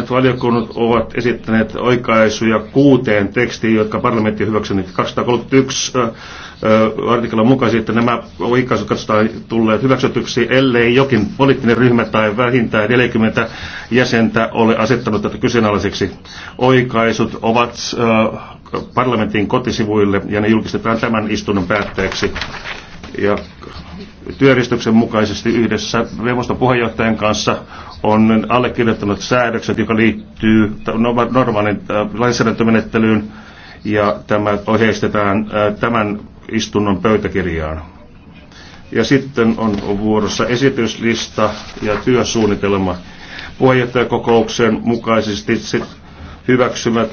monet valiokunnat ovat esittäneet oikaisuja kuuteen tekstiin, jotka parlamentti hyväksynyt 231 artiklan mukaan. että nämä oikaisut katsotaan tulleet hyväksytyksi, ellei jokin poliittinen ryhmä tai vähintään 40 jäsentä ole asettanut tätä kyseenalaiseksi. Oikaisut ovat parlamentin kotisivuille ja ne julkistetaan tämän istunnon päätteeksi ja työjärjestyksen mukaisesti yhdessä neuvoston puheenjohtajan kanssa on allekirjoittanut säädökset, joka liittyy normaalin äh, lainsäädäntömenettelyyn ja tämä ohjeistetaan äh, tämän istunnon pöytäkirjaan. Ja sitten on vuorossa esityslista ja työsuunnitelma puheenjohtajakokouksen mukaisesti hyväksymät